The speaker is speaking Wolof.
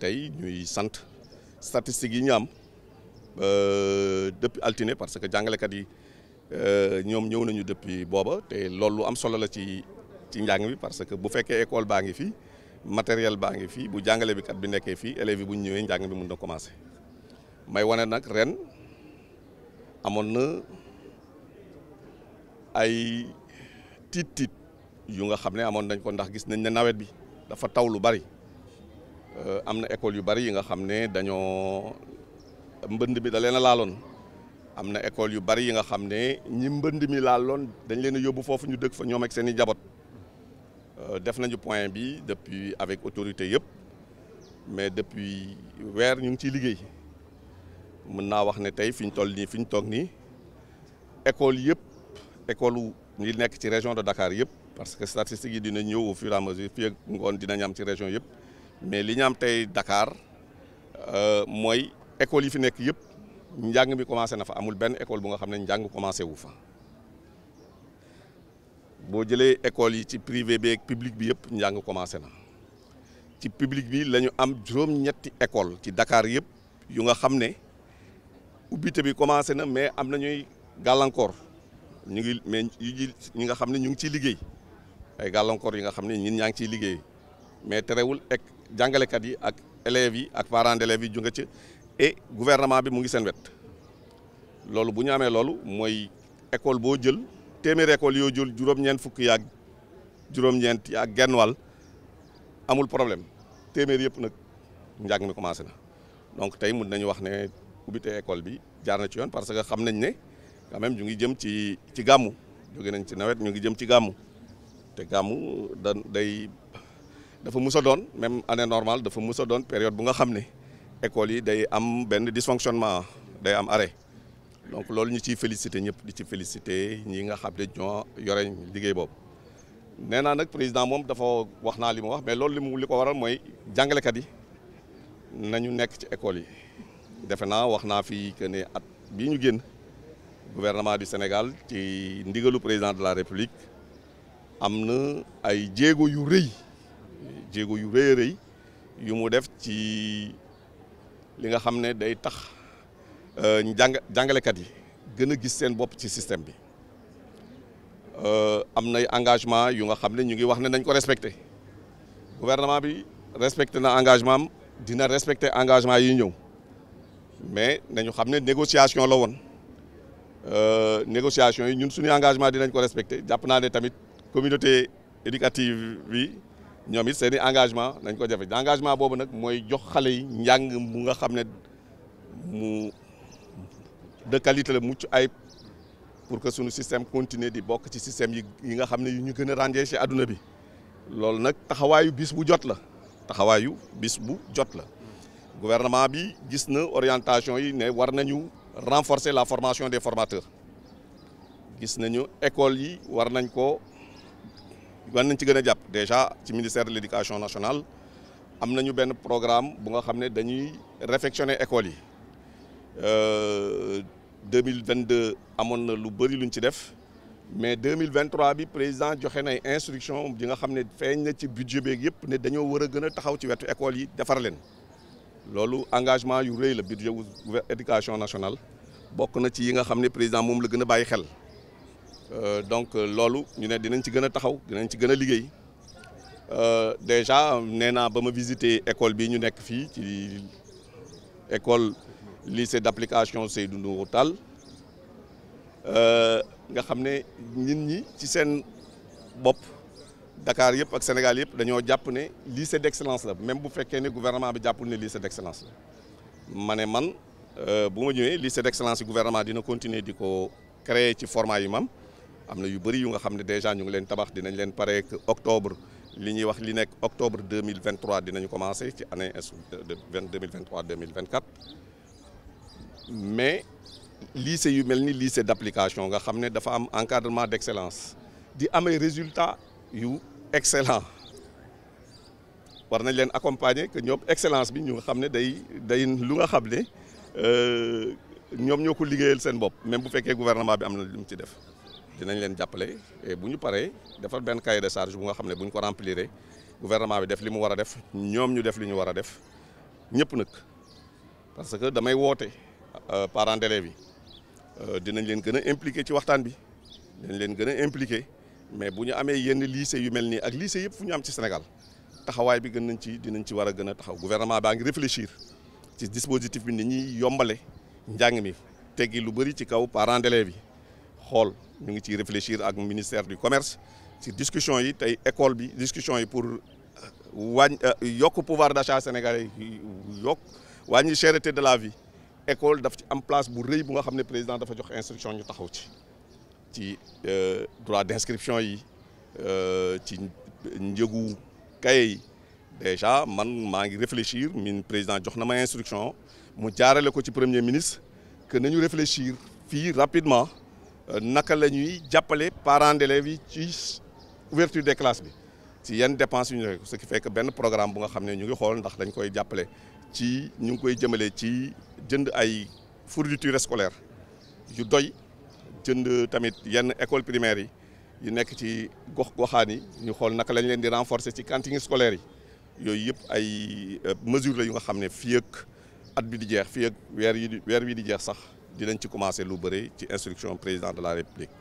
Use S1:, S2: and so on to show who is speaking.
S1: tey ñuy sant statistiques yi ñu am depuis altine parce que jàngalekat yi euh, ñoom ñëw nañu depuis booba te loolu lu am solo la ci ci njàng bi parce que bu fekkee école baa ngi fi matériel baa ngi fi bu jàngale bi kat bi nekkee fii élèves bu ñu ñëwee njàng bi mun na commencer may wane nag ren amoon na ay tiit tiit yu nga xam ne amoon nañ ko ndax gis nañ ne nawet bi dafa taw lu bari euh, am na école yu bari yi nga xam ne dañoo mbënd mi da leen laaloon am na école yu bari yi nga xam ne ñi mbënd mi laaloon dañ leen a yóbbu foofu ñu dëkk fa ñoom ak seen i njaboot euh, def nañu point bi depuis avec autorité yëpp mais depuis weer ñu ngi ciy liggéey mën naa wax ne tey fi ñu toll nii fi ñu toog nii école yëpp école ñi nekk ci région de Dakar yëpp parce que statistiques yi dina ñëw au fur et à mesure dinañ am ci région yëpp mais li am tey Dakar euh, mooy école yi fi nekk yëpp njàng mi commencé na fa amul benn école bu nga xam ne njàng commencé wu fa boo jëlee école yi ci privé bi ak public bi yëpp njàng commencé na ci public bi lañu am juróom-ñetti école ci dakaar yëpp yu nga xam ne ubbite bi commencé na mais am na ñuy gàllankoor ñu ngi mais yu ñi nga xam ne ñu ngi ciy liggéey ay gàllankoor yi nga xam ne ñun ñaa ngi ciy liggéey mais terewul ek jàngalekat yi ak élèves yi ak parents d'élèves yi ju nga ci et gouvernement bi mu ngi seen wet loolu bu ñu amee loolu mooy école boo jël téeméeri école yoo jël juróom-ñeent fukk yaag juróom-ñeent yaag genn wàll amul problème téeméer yëpp nag njag mi commencé na donc tey mun nañu wax ne ubbite école bi jaar na ci yoon parce que xam nañ ne quand même ñu ngi jëm ci ci gàmmu jóge nañ ci nawet ñu ngi jëm ci gàmmu te gàmmu da day dafa mus a doon même année normal dafa mus a doon période bu nga xam ne école yi day am benn dysfonctionnement day am arrêt donc loolu ñu ciy félicité ñëpp di ci félicité ñi nga xam ne ñoo yore liggéey boobu nee naa nag président moom dafa wax naa li mu wax mais loolu li mu li ko waral mooy jàngalekat yi nañu nekk ci école yi defe naa wax naa fi que ne at bii ñu génn gouvernement du Sénégal ci ndigalu président de la République am na ay jéego yu rëy jéego yu rëy yu mu def ci li nga xam ne day tax euh, jàng jàngalekat yi gën a gis seen bopp ci système bi euh, am nay engagement yu nga xam ne ñu ngi wax ne nañ ko respecté gouvernement bi respecté na engagement am dina respecté engagement yi ñëw mais nañu xam ne négociation la woon Euh, négociation yi ñun suñu engagement nañ ko respecté jàpp naa ne tamit communauté éducative bi ñoom it seen i engagement nañ ko jafe engagement boobu nag mooy jox xale yi njàng mu nga xam ne mu de qualité la mucc ayib pour que sunu système continuer di bokk ci système yi yi nga xam ne yu ñu gën a ràññee ci àdduna bi loolu nag taxawaayu bis bu jot la taxawaayu bis bu jot la gouvernement bi gis na orientation yi ne war nañu renforcer la formation des formateurs gis nañu école yi war nañ ko war nañ ci gën a jàpp déjà ci ministère de l'éducation nationale am nañu benn programme bu nga xam ne dañuy réfectionner école yi euh, deux mille vingt deux amoon na lu bëri luñ ci def mais deux mille vingt trois bi président joxe nay instruction bi nga xam ne feeñ na ci budget beeg yëpp ne dañoo war a gën a taxaw ci wetu école yi defar leen. loolu engagement yu rëy la budget wu éducation nationale bokk na ci yi nga xam ne président moom la gën a bàyyi xel euh, donc euh, loolu ñu ne dinañ ci gën a taxaw dinañ ci gën a liggéey euh, déjà nee naa ba ma visité école bi ñu nekk fii ci école lycée d'application Seydou Nourou Tall nga xam ne nit ñi ci seen bopp Dakar yëpp ak Sénégal yëpp dañoo jàpp ne lycée d'excellence la même bu fekkee ne gouvernement bi jàppul ne lycée d'excellence la ma ne man euh, bu ma ñëwee lycée d'excellence yi gouvernement dina continuer di ko créer ci format yu mam am na yu bëri yu nga xam ne déjà ñu ngi leen tabax dinañ leen pare octobre li ñuy wax li nekk octobre 2023 dinañu commencer ci année de 2023 2024 mais lycée yu mel ni lycée d'application nga xam ne dafa am encadrement d'excellence di amay résultats yu excellent war nañ leen accompagner que ñoom excellence bi ñu nga xam ne day day lu nga xam ne euh, ñoom ñoo ku liggéeyal seen bopp même bu fekkee gouvernement bi am na lu mu ci def dinañ leen jàppale et bu ñu paree defar benn cahier de charge bu nga xam ne bu ñu ko remplir gouvernement bi def li mu war a def ñoom ñu def li ñu war a def ñëpp nag parce que damay woote euh, parents d'élèves yi euh, dinañ leen gën a impliqué ci waxtaan bi dinañ leen gën a impliqué. mais bu ñu amee yenn lycée yu mel nii ak lycée yëpp fu ñu am ci Sénégal taxawaay bi gën nañ ci dinañ ci war a gën a taxaw gouvernement baa ngi réfléchir ci dispositif bi ni ñuy yombale njàng mi teggi lu bëri ci kaw parents d'élèves yi xool ñu ngi ciy réfléchir ak ministère du commerce ci discussion yi tey école bi discussion yi pour euh, wàññ euh, yokk pouvoir d'achat sénégalais yi yokk wàññi cherté de la vie école daf ci am place bu rëy bu nga xam ne président dafa jox instruction ñu taxaw ci ci euh, droit d'inscription yi euh, ci njëgu kaye yi déjà man maa ngi réfléchir min président jox na ma instruction mu jaarale ko ci premier ministre que nañu réfléchir fii rapidement euh, naka la ñuy jàppale parents d'élèves yi ci ouverture des classes bi ci yenn dépenses yu ñu ce qui fait que benn programme bu nga xam ne ñu ngi xool ndax dañ koy jàppale ci ñu ngi koy jëmale ci jënd ay fourniture scolaire yu doy jënd tamit yenn école primaire yi yu nekk ci gox goxaan yi ñu xool naka lañ leen di renforcer ci cantines scolaires yi yooyu yëpp ay euh, mesures la yu nga xam ne fii ak at bi di jeex fii weer yi weer wi di jeex sax dinañ ci commencer lu bëri ci instruction président de la république